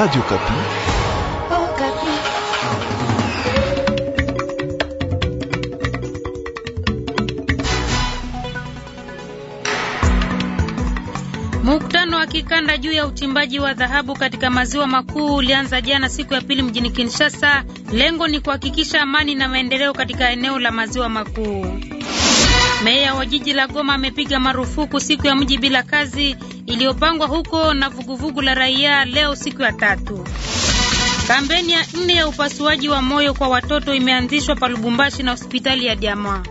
Radio Kapi. Oh, Kapi. Mkutano wa kikanda juu ya uchimbaji wa dhahabu katika maziwa makuu ulianza jana siku ya pili mjini Kinshasa. Lengo ni kuhakikisha amani na maendeleo katika eneo la maziwa makuu. Meya wa jiji la Goma amepiga marufuku siku ya mji bila kazi iliyopangwa huko na vuguvugu la raia leo siku ya tatu. Kampeni ya nne ya upasuaji wa moyo kwa watoto imeanzishwa pa Lubumbashi na hospitali ya Diama.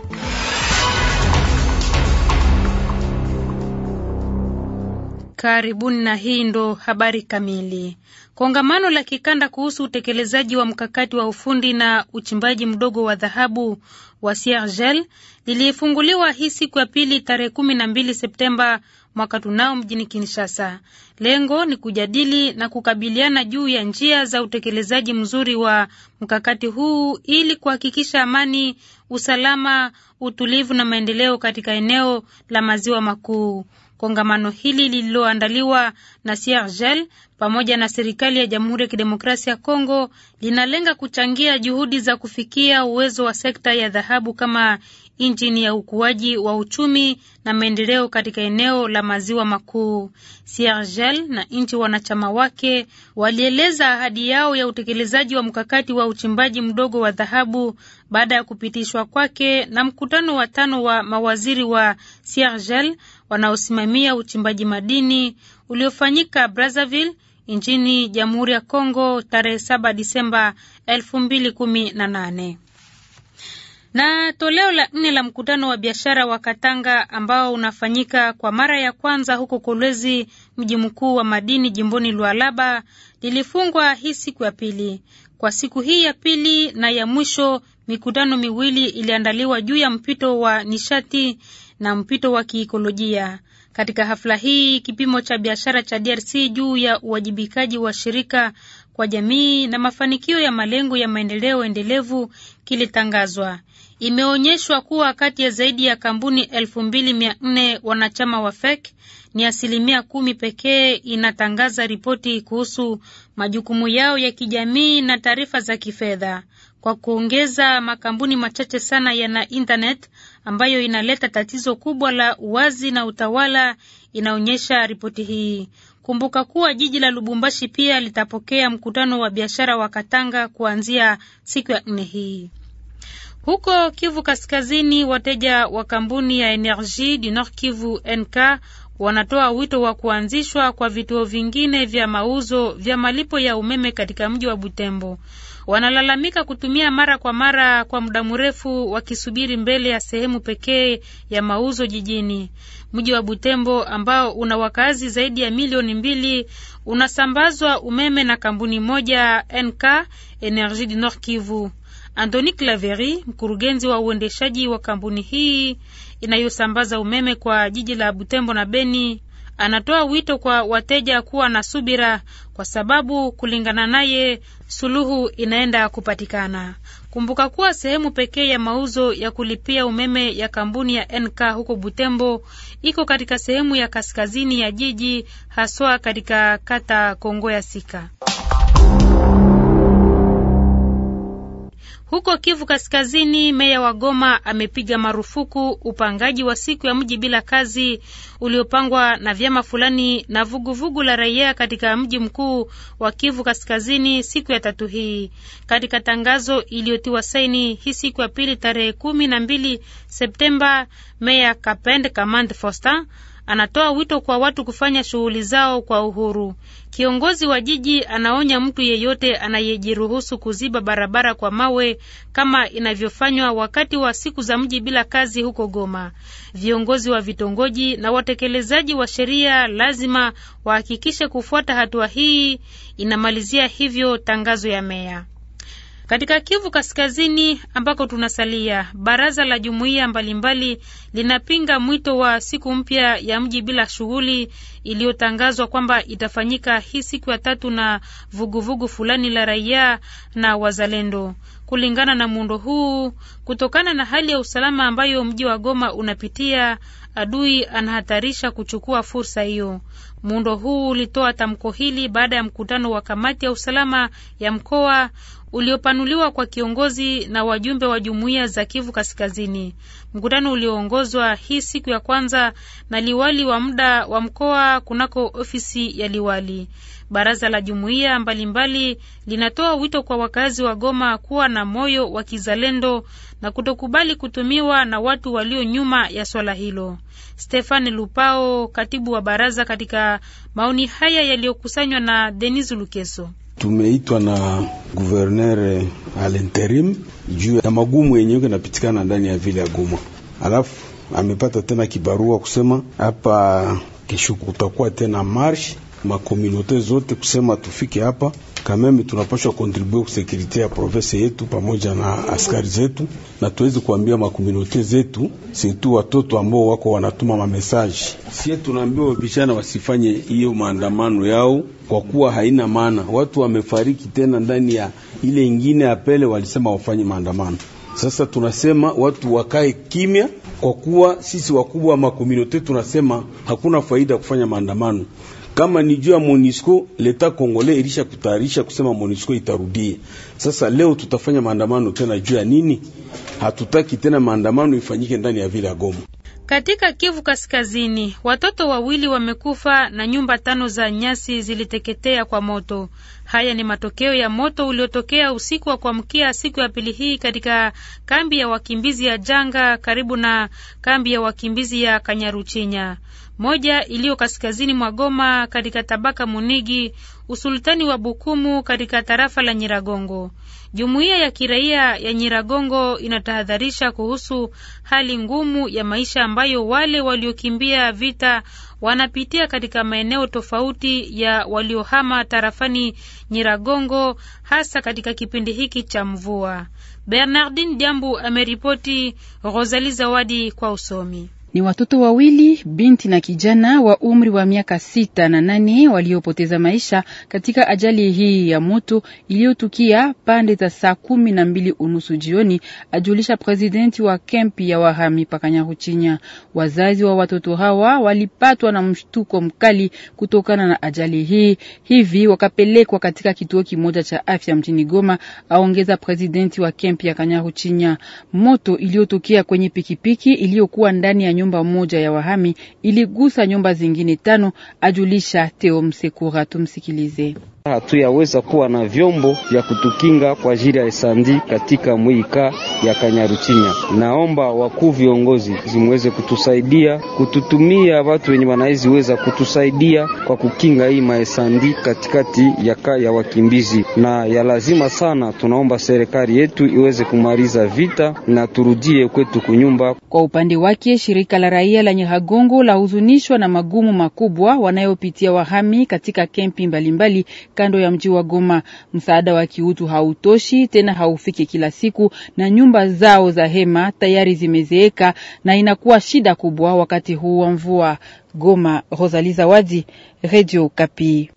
Karibuni na hii ndo habari kamili. Kongamano la kikanda kuhusu utekelezaji wa mkakati wa ufundi na uchimbaji mdogo wa dhahabu wa Siergel lilifunguliwa hii siku ya pili tarehe kumi na mbili Septemba mwaka tunao mjini Kinshasa. Lengo ni kujadili na kukabiliana juu ya njia za utekelezaji mzuri wa mkakati huu ili kuhakikisha amani, usalama, utulivu na maendeleo katika eneo la maziwa makuu. Kongamano hili lililoandaliwa na Siergel pamoja na serikali ya Jamhuri ya Kidemokrasia ya Kongo linalenga kuchangia juhudi za kufikia uwezo wa sekta ya dhahabu kama injini ya ukuaji wa uchumi na maendeleo katika eneo la maziwa makuu. Siergel na nchi wanachama wake walieleza ahadi yao ya utekelezaji wa mkakati wa uchimbaji mdogo wa dhahabu baada ya kupitishwa kwake na mkutano wa tano wa mawaziri wa Siergel wanaosimamia uchimbaji madini uliofanyika Brazzaville nchini Jamhuri ya Kongo tarehe 7 Disemba 2018. Na toleo la nne la mkutano wa biashara wa Katanga ambao unafanyika kwa mara ya kwanza huko Kolwezi, mji mkuu wa madini jimboni Lualaba, lilifungwa hii siku ya pili. Kwa siku hii ya pili na ya mwisho, mikutano miwili iliandaliwa juu ya mpito wa nishati na mpito wa kiikolojia. Katika hafla hii, kipimo cha biashara cha DRC juu ya uwajibikaji wa shirika kwa jamii na mafanikio ya malengo ya maendeleo endelevu kilitangazwa imeonyeshwa kuwa kati ya zaidi ya kampuni 2400 wanachama wa FEC ni asilimia kumi pekee inatangaza ripoti kuhusu majukumu yao ya kijamii na taarifa za kifedha. Kwa kuongeza, makampuni machache sana yana internet ambayo inaleta tatizo kubwa la uwazi na utawala, inaonyesha ripoti hii. Kumbuka kuwa jiji la Lubumbashi pia litapokea mkutano wa biashara wa Katanga kuanzia siku ya nne hii. Huko Kivu Kaskazini, wateja wa kampuni ya energi du Nord Kivu NK wanatoa wito wa kuanzishwa kwa vituo vingine vya mauzo vya malipo ya umeme katika mji wa Butembo. Wanalalamika kutumia mara kwa mara kwa muda mrefu wakisubiri mbele ya sehemu pekee ya mauzo jijini. Mji wa Butembo ambao una wakazi zaidi ya milioni mbili unasambazwa umeme na kampuni moja NK Energie du Nord Kivu. Anthony Claveri, mkurugenzi wa uendeshaji wa kampuni hii inayosambaza umeme kwa jiji la Butembo na Beni, anatoa wito kwa wateja kuwa na subira kwa sababu kulingana naye suluhu inaenda kupatikana. Kumbuka kuwa sehemu pekee ya mauzo ya kulipia umeme ya kampuni ya NK huko Butembo iko katika sehemu ya kaskazini ya jiji, haswa katika kata Kongo ya Sika. Huko Kivu Kaskazini, meya wa Goma amepiga marufuku upangaji wa siku ya mji bila kazi uliopangwa na vyama fulani na vuguvugu vugu la raia katika mji mkuu wa Kivu Kaskazini siku ya tatu hii. Katika tangazo iliyotiwa saini hii siku ya pili tarehe kumi na mbili Septemba, meya Kapend Kamand foster anatoa wito kwa watu kufanya shughuli zao kwa uhuru. Kiongozi wa jiji anaonya mtu yeyote anayejiruhusu kuziba barabara kwa mawe kama inavyofanywa wakati wa siku za mji bila kazi huko Goma. Viongozi wa vitongoji na watekelezaji wa sheria lazima wahakikishe kufuata hatua hii, inamalizia hivyo tangazo ya meya. Katika Kivu Kaskazini ambako tunasalia, baraza la jumuiya mbalimbali linapinga mwito wa siku mpya ya mji bila shughuli iliyotangazwa kwamba itafanyika hii siku ya tatu na vuguvugu vugu fulani la raia na wazalendo. Kulingana na muundo huu, kutokana na hali ya usalama ambayo mji wa Goma unapitia, adui anahatarisha kuchukua fursa hiyo. Muundo huu ulitoa tamko hili baada ya mkutano wa kamati ya usalama ya mkoa uliopanuliwa kwa kiongozi na wajumbe wa jumuiya za Kivu Kaskazini. Mkutano ulioongozwa hii siku ya kwanza na liwali wa muda wa mkoa kunako ofisi ya liwali. Baraza la jumuiya mbalimbali linatoa wito kwa wakazi wa Goma kuwa na moyo wa kizalendo na kutokubali kutumiwa na watu walio nyuma ya swala hilo. Stefani Lupao, katibu wa baraza, katika maoni haya yaliyokusanywa na Denis Lukeso tumeitwa na guverner alinterim juu ya magumu yuko inapitikana ndani ya vile ya Goma, alafu amepata tena kibarua kusema hapa kesho kutakuwa tena marsh makomunote zote kusema tufike hapa kameme, tunapashwa kontribue kusekurite ya province yetu pamoja na askari zetu, na tuwezi kuambia makomunote zetu situ watoto ambao wako wanatuma mamesaji. Sie tunaambiwa vijana wasifanye hiyo maandamano yao kwa kuwa haina maana, watu wamefariki tena ndani ya ile ingine pele, walisema wafanye maandamano. Sasa tunasema watu wakae kimya, kwa kuwa sisi wakubwa wa makomunote tunasema hakuna faida ya kufanya maandamano. Kama ni juu ya Monisco, leta Kongole ilisha kutayarisha kusema Monisco itarudie. Sasa leo tutafanya maandamano tena juu ya nini? Hatutaki tena maandamano ifanyike ndani ya vile Goma. Katika Kivu Kaskazini, watoto wawili wamekufa na nyumba tano za nyasi ziliteketea kwa moto. Haya ni matokeo ya moto uliotokea usiku wa kuamkia siku ya pili hii katika kambi ya wakimbizi ya Janga karibu na kambi ya wakimbizi ya Kanyaruchinya moja iliyo kaskazini mwa Goma katika tabaka Munigi, usultani wa Bukumu katika tarafa la Nyiragongo. Jumuiya ya kiraia ya Nyiragongo inatahadharisha kuhusu hali ngumu ya maisha ambayo wale waliokimbia vita wanapitia katika maeneo tofauti ya waliohama tarafani Nyiragongo, hasa katika kipindi hiki cha mvua. Bernardin Jambu ameripoti, Rosali Zawadi kwa usomi. Ni watoto wawili binti na kijana wa umri wa miaka sita na nane waliopoteza maisha katika ajali hii ya moto iliyotukia pande za saa kumi na mbili unusu jioni, ajulisha presidenti wa kempi ya wahami Pakanyaruchinya. Wazazi wa watoto hawa walipatwa na mshtuko mkali kutokana na ajali hii, hivi wakapelekwa katika kituo kimoja cha afya mjini Goma, aongeza presidenti wa kempi ya Kanyaruchinya. Moto iliyotokea kwenye pikipiki iliyokuwa ndani ya nyumba moja ya wahami iligusa nyumba zingine tano, ajulisha Teo Msekura. Tumsikilize. Hatuyaweza kuwa na vyombo vya kutukinga kwa ajili ya esandi katika mwika ya Kanyaruchinya. Naomba wakuu viongozi zimweze kutusaidia kututumia watu wenye weza kutusaidia kwa kukinga hii maesandi katikati ya kaya ya wakimbizi, na ya lazima sana. Tunaomba serikali yetu iweze kumaliza vita na turudie kwetu kunyumba. Kwa upande wake, shirika la raia la Nyahagongo lahuzunishwa na magumu makubwa wanayopitia wahami katika kempi mbalimbali mbali kando ya mji wa Goma. Msaada wa kiutu hautoshi tena, haufiki kila siku, na nyumba zao za hema tayari zimezeeka na inakuwa shida kubwa wakati huu wa mvua. Goma, Rosalie Zawadi, Radio Kapi.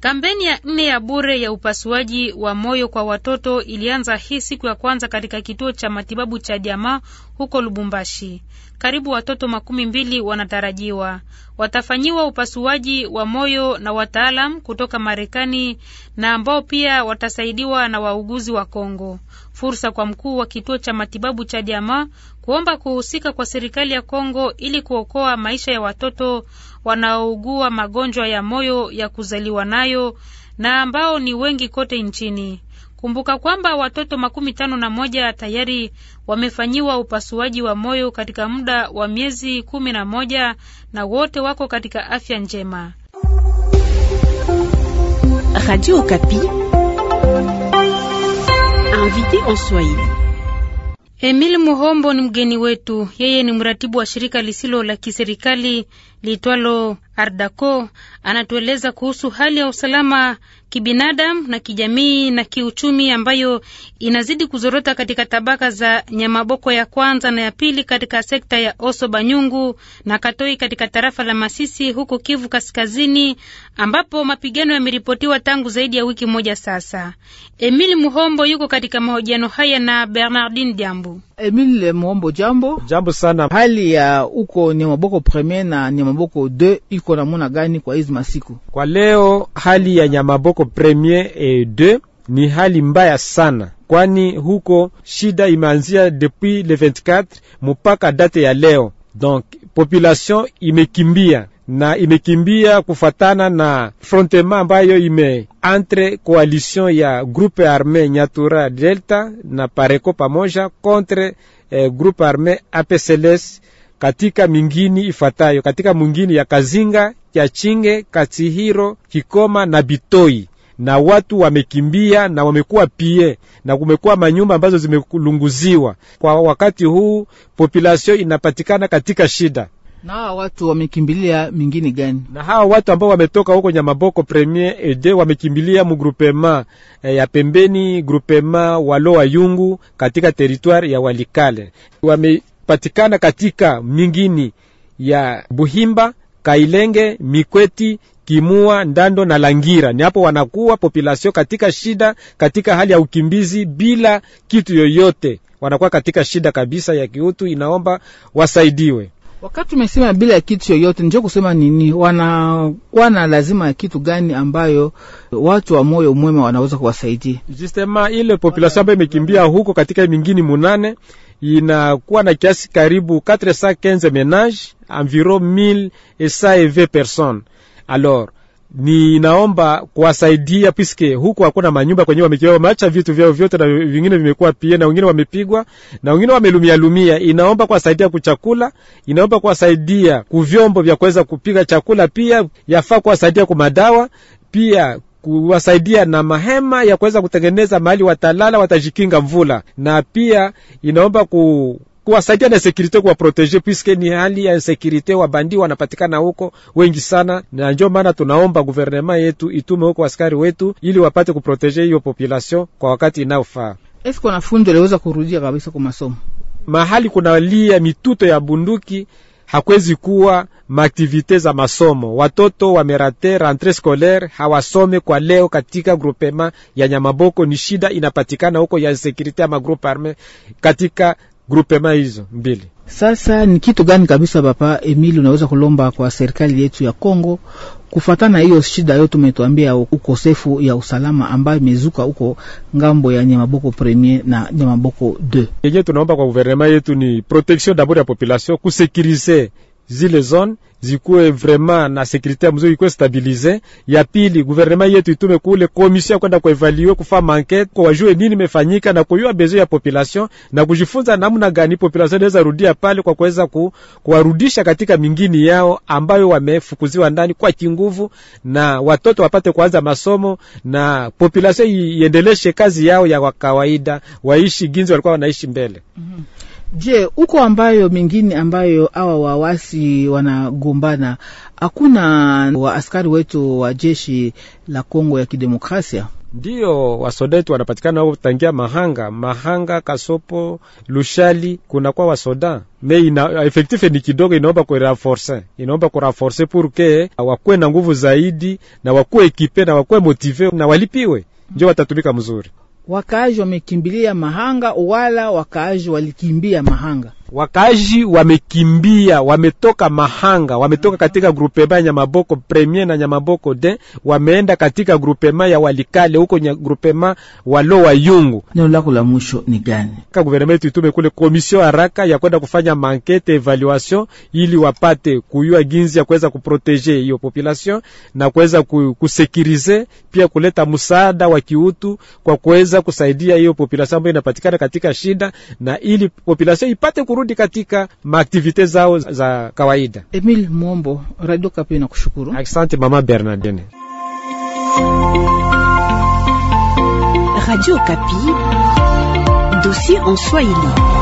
Kampeni ya nne ya bure ya upasuaji wa moyo kwa watoto ilianza hii siku ya kwanza katika kituo cha matibabu cha jamaa huko Lubumbashi. Karibu watoto makumi mbili wanatarajiwa watafanyiwa upasuaji wa moyo na wataalam kutoka Marekani na ambao pia watasaidiwa na wauguzi wa Kongo. Fursa kwa mkuu wa kituo cha matibabu cha jamaa kuomba kuhusika kwa serikali ya Kongo ili kuokoa maisha ya watoto wanaougua magonjwa ya moyo ya kuzaliwa nayo na ambao ni wengi kote nchini. Kumbuka kwamba watoto makumi tano na moja tayari wamefanyiwa upasuaji wa moyo katika muda wa miezi kumi na moja na wote wako katika afya njema. Radio Okapi, en Swahili. Emil Muhombo ni mgeni wetu. Yeye ni mratibu wa shirika lisilo la kiserikali liitwalo Ardako anatueleza kuhusu hali ya usalama kibinadamu na kijamii na kiuchumi ambayo inazidi kuzorota katika tabaka za Nyamaboko ya kwanza na ya pili katika sekta ya Oso Banyungu na Katoi katika tarafa la Masisi huko Kivu Kaskazini ambapo mapigano yameripotiwa tangu zaidi ya wiki moja sasa. Emil Muhombo yuko katika mahojiano haya na bernardin Diambu. Emile Mwombo, jambo jambo sana. Hali ya uko Nyamaboko premier na Nyamaboko 2 iko namuna gani kwa hizi masiku? Kwa leo hali ya Nyamaboko premier e 2 ni hali mbaya sana, kwani huko shida imeanzia depuis le 24 mpaka date ya leo, donc population imekimbia na imekimbia kufatana na frontema ambayo ime entre koalision ya groupe arme Nyatura Delta na Pareko pamoja contre eh, groupe arme APCLS katika mingini ifatayo katika mungini ya Kazinga, chinge Katihiro, Kikoma na Bitoi na watu wamekimbia na wamekuwa pie na kumekuwa manyumba ambazo zimelunguziwa. Kwa wakati huu population inapatikana katika shida. Na hawa watu wamekimbilia mingine gani? Na hawa watu ambao wametoka huko Nyamaboko Premier Ede eh, wamekimbilia mugrupema e, eh, ya pembeni grupema Waloa Yungu katika teritwari ya Walikale. Wamepatikana katika mingini ya Buhimba, Kailenge, Mikweti Kimua, Ndando na Langira. Ni hapo wanakuwa population katika shida, katika hali ya ukimbizi bila kitu yoyote, wanakuwa katika shida kabisa ya kiutu, inaomba wasaidiwe. Wakati umesema bila ya kitu yoyote, njo kusema nini? Wanakuwa na lazima ya kitu gani ambayo watu wa moyo mwema wanaweza kuwasaidia? Justement ile population ambayo imekimbia huko katika mingini munane inakuwa na kiasi karibu 415 menage environ 1000 et 20 personnes alors ninaomba kuwasaidia piske huku hakuna manyumba kwenye wamekiwa wameacha vitu vyao vyote, na vingine vimekuwa pia, na wengine wamepigwa, na wengine wamelumia lumia. Inaomba kuwasaidia kuchakula, inaomba kuwasaidia kuvyombo vya kuweza kupiga chakula, pia yafaa kuwasaidia kumadawa pia kuwasaidia na mahema ya kuweza kutengeneza mahali watalala, watajikinga mvula, na pia inaomba ku kuwasaidia na sekirite kuwaproteje, puisque ni hali ya sekirite, wabandi wanapatikana huko wengi sana, na njo maana tunaomba guvernema yetu itume huko askari wetu ili wapate kuproteje hiyo population kwa wakati inaofaa. Eske wanafunzi waliweza kurudia kabisa kwa masomo? Mahali kuna lia mituto ya bunduki hakwezi kuwa maaktivite za masomo. Watoto wamerate rentre scolaire, hawasome kwa leo. Katika grupema ya Nyamaboko ni shida inapatikana huko ya insekurite ya magroupe arme katika grupema hizo mbili. Sasa ni kitu gani kabisa, Papa Emili, unaweza kulomba kwa serikali yetu ya Kongo kufatana hiyo shida yote umetuambia, ukosefu ya usalama ambayo imezuka huko ngambo ya Nyamaboko premier na Nyamaboko 2. Yenyewe tunaomba kwa guvernema yetu ni protection dabord ya population kusekirize zile zone zikuwe vraiment na security mzuri, ikuwe stabilize. Ya pili, guvernema yetu itume kule komision kwenda kuevalue kufa manke kwa wajue nini imefanyika na kuyua bezo ya population na kujifunza namna gani population inaweza rudia pale kwa kuweza ku, kuwarudisha katika mingini yao ambayo wamefukuziwa ndani kwa kinguvu, na watoto wapate kuanza masomo na population iendeleshe kazi yao ya kawaida, waishi ginzi walikuwa wanaishi mbele. mm -hmm. Je, huko ambayo mingine ambayo awa wawasi wanagombana, hakuna wa askari wetu wa jeshi la Kongo ya Kidemokrasia? Ndiyo, wasoda wanapatikana wao tangia Mahanga, Mahanga, Kasopo, Lushali, kunakuwa wasoda me ina, efektife ni kidogo, inaomba kurenforce, inaomba kurenforce pour wakuwe na nguvu zaidi na wakuwe ekipe na wakuwe motive na walipiwe, ndio watatumika mzuri wakaaji wamekimbilia Mahanga, wala wakaaji walikimbia Mahanga. Wakaji wamekimbia, wametoka mahanga, wametoka katika grupema ya Nyamaboko premier na Nyamaboko de, wameenda katika grupema ya Walikale huko nya grupema walo wa Yungu. Neno lako la mwisho ni gani? Ka guvernema yetu itume kule commission haraka ya kwenda kufanya mankete evaluation, ili wapate kuyua ginzi ya kuweza kuproteje hiyo population na kuweza kusekirize, pia kuleta msaada wa kiutu kwa kuweza kusaidia hiyo population ambayo inapatikana katika shida, na ili population ipate kuru kurudi katika maaktivite zao za kawaida. Emil Mombo, Radio Kapi na kushukuru. Asante mama Bernardine. Radio Kapi, dossier en Swahili.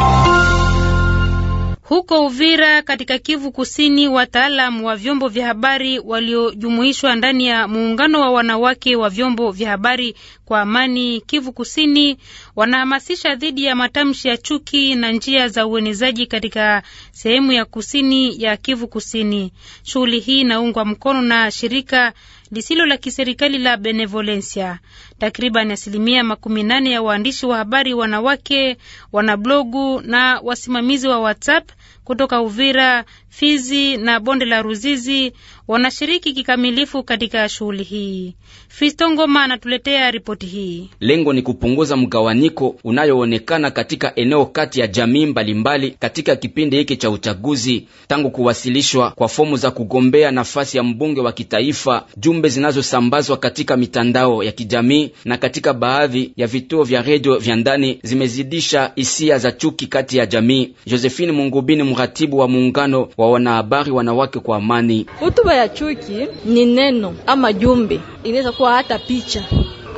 Huko Uvira katika Kivu Kusini, wataalam wa vyombo vya habari waliojumuishwa ndani ya muungano wa wanawake wa vyombo vya habari kwa amani Kivu Kusini wanahamasisha dhidi ya matamshi ya chuki na njia za uenezaji katika sehemu ya kusini ya Kivu Kusini. Shughuli hii inaungwa mkono na shirika lisilo la kiserikali la Benevolencia. Takriban asilimia makumi nane ya waandishi wa habari wanawake, wanablogu na wasimamizi wa WhatsApp kutoka Uvira, Fizi na bonde la Ruzizi wanashiriki kikamilifu katika shughuli hii. Fisto Ngoma anatuletea ripoti hii. Lengo ni kupunguza mgawanyiko unayoonekana katika eneo kati ya jamii mbalimbali katika kipindi hiki cha uchaguzi. Tangu kuwasilishwa kwa fomu za kugombea nafasi ya mbunge wa kitaifa, jumbe zinazosambazwa katika mitandao ya kijamii na katika baadhi ya vituo vya redio vya ndani zimezidisha hisia za chuki kati ya jamii. Josephine Mungubini, mratibu wa muungano wa wanahabari wanawake kwa amani: hotuba ya chuki ni neno ama jumbe, inaweza kuwa hata picha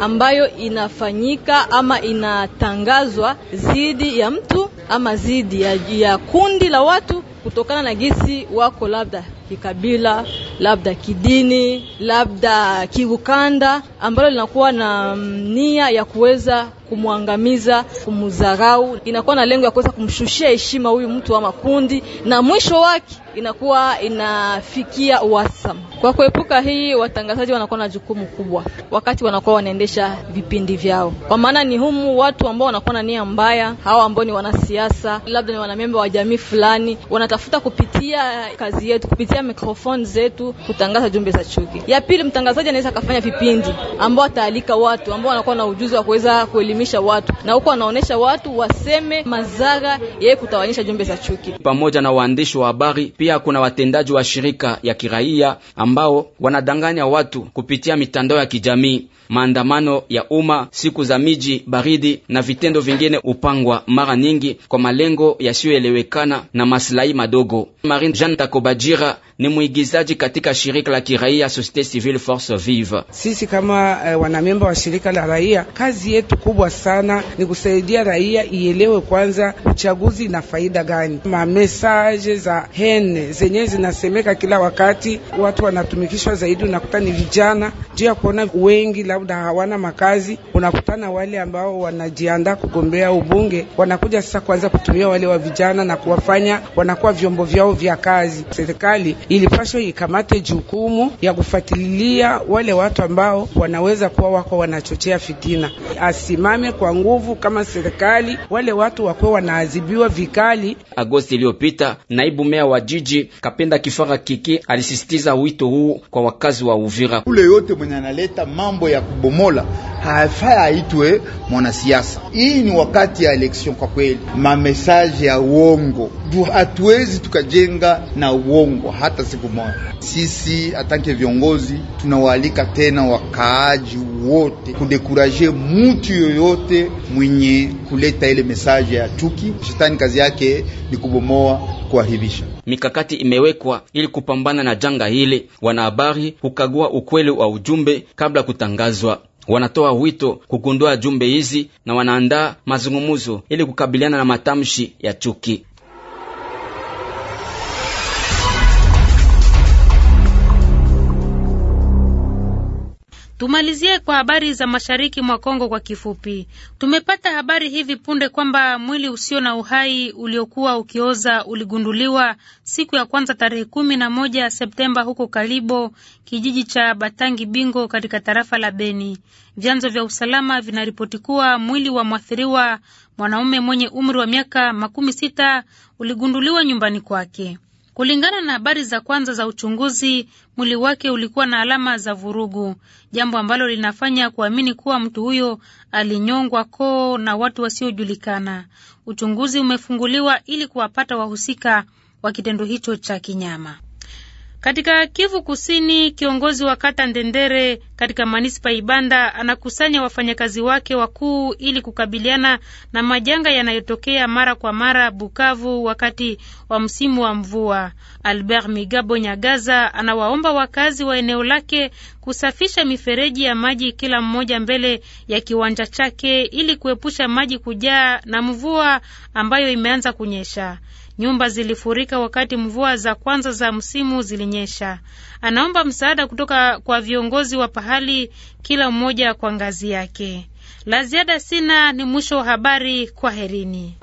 ambayo inafanyika ama inatangazwa zidi ya mtu ama zidi ya, ya kundi la watu kutokana na gisi wako labda kikabila, labda kidini, labda kiukanda ambalo linakuwa na mm, nia ya kuweza kumwangamiza, kumudharau, inakuwa na lengo ya kuweza kumshushia heshima huyu mtu wa makundi, na mwisho wake inakuwa inafikia uhasama. Kwa kuepuka hii, watangazaji wanakuwa na jukumu kubwa wakati wanakuwa wanaendesha vipindi vyao, kwa maana ni humu watu ambao wanakuwa na nia mbaya, hawa ambao ni wanasiasa, labda ni wanamemba wa jamii fulani, wanatafuta kupitia kazi yetu, kupitia mikrofoni zetu, kutangaza jumbe za chuki. Ya pili, mtangazaji anaweza akafanya vipindi ambao ataalika watu ambao wanakuwa na ujuzi wa kuweza kuelimisha kuelimisha watu na huko anaonesha watu waseme mazara yeye kutawanyisha jumbe za chuki. Pamoja na waandishi wa habari, pia kuna watendaji wa shirika ya kiraia ambao wanadanganya watu kupitia mitandao ya kijamii. Maandamano ya umma, siku za miji baridi na vitendo vingine upangwa mara nyingi kwa malengo yasiyoelewekana na maslahi madogo. Marine Jean Takobajira ni mwigizaji katika shirika la kiraia Societe Civile Force Vive. Sisi kama eh, wanamemba wa shirika la raia, kazi yetu kubwa sana ni kusaidia raia ielewe kwanza uchaguzi na faida gani. Mamesaje za hene zenyewe zinasemeka kila wakati, watu wanatumikishwa zaidi, unakuta ni vijana juu ya kuona wengi labda hawana makazi. Unakutana wale ambao wanajiandaa kugombea ubunge wanakuja sasa kwanza kutumia wale wa vijana na kuwafanya wanakuwa vyombo vyao vya kazi. Serikali ilipaswa ikamate jukumu ya kufuatilia wale watu ambao wanaweza kuwa wako wanachochea fitina, asimame wasimame kwa nguvu kama serikali, wale watu wakwe wanaadhibiwa vikali. Agosti iliyopita naibu mea wa jiji Kapenda Kifara Kiki alisisitiza wito huu kwa wakazi wa Uvira. Ule yote mwenye analeta mambo ya kubomola hafai aitwe mwanasiasa. Hii ni wakati ya election, kwa kweli mamesaje ya uongo hatuwezi tukajenga na uongo hata siku moja. Sisi atanke viongozi tunawaalika tena wakaaji wote kudekuraje mutu yoyote yoyote mwenye kuleta ile mesaje ya chuki. Shetani kazi yake ni kubomoa, kuharibisha. Mikakati imewekwa ili kupambana na janga hili. Wanahabari hukagua ukweli wa ujumbe kabla kutangazwa wanatoa wito kugundua jumbe hizi na wanaandaa mazungumuzo ili kukabiliana na matamshi ya chuki. Tumalizie kwa habari za mashariki mwa Kongo kwa kifupi. Tumepata habari hivi punde kwamba mwili usio na uhai uliokuwa ukioza uligunduliwa siku ya kwanza tarehe kumi na moja Septemba huko Kalibo, kijiji cha Batangi Bingo katika tarafa la Beni. Vyanzo vya usalama vinaripoti kuwa mwili wa mwathiriwa mwanaume mwenye umri wa miaka makumi sita uligunduliwa nyumbani kwake. Kulingana na habari za kwanza za uchunguzi, mwili wake ulikuwa na alama za vurugu, jambo ambalo linafanya kuamini kuwa mtu huyo alinyongwa koo na watu wasiojulikana. Uchunguzi umefunguliwa ili kuwapata wahusika wa kitendo hicho cha kinyama. Katika Kivu Kusini, kiongozi wa kata Ndendere katika manispa Ibanda anakusanya wafanyakazi wake wakuu ili kukabiliana na majanga yanayotokea mara kwa mara Bukavu wakati wa msimu wa mvua. Albert Migabo Nyagaza anawaomba wakazi wa eneo lake kusafisha mifereji ya maji kila mmoja mbele ya kiwanja chake ili kuepusha maji kujaa na mvua ambayo imeanza kunyesha. Nyumba zilifurika wakati mvua za kwanza za msimu zilinyesha. Anaomba msaada kutoka kwa viongozi wa pahali, kila mmoja kwa ngazi yake. La ziada sina, ni mwisho wa habari. Kwaherini.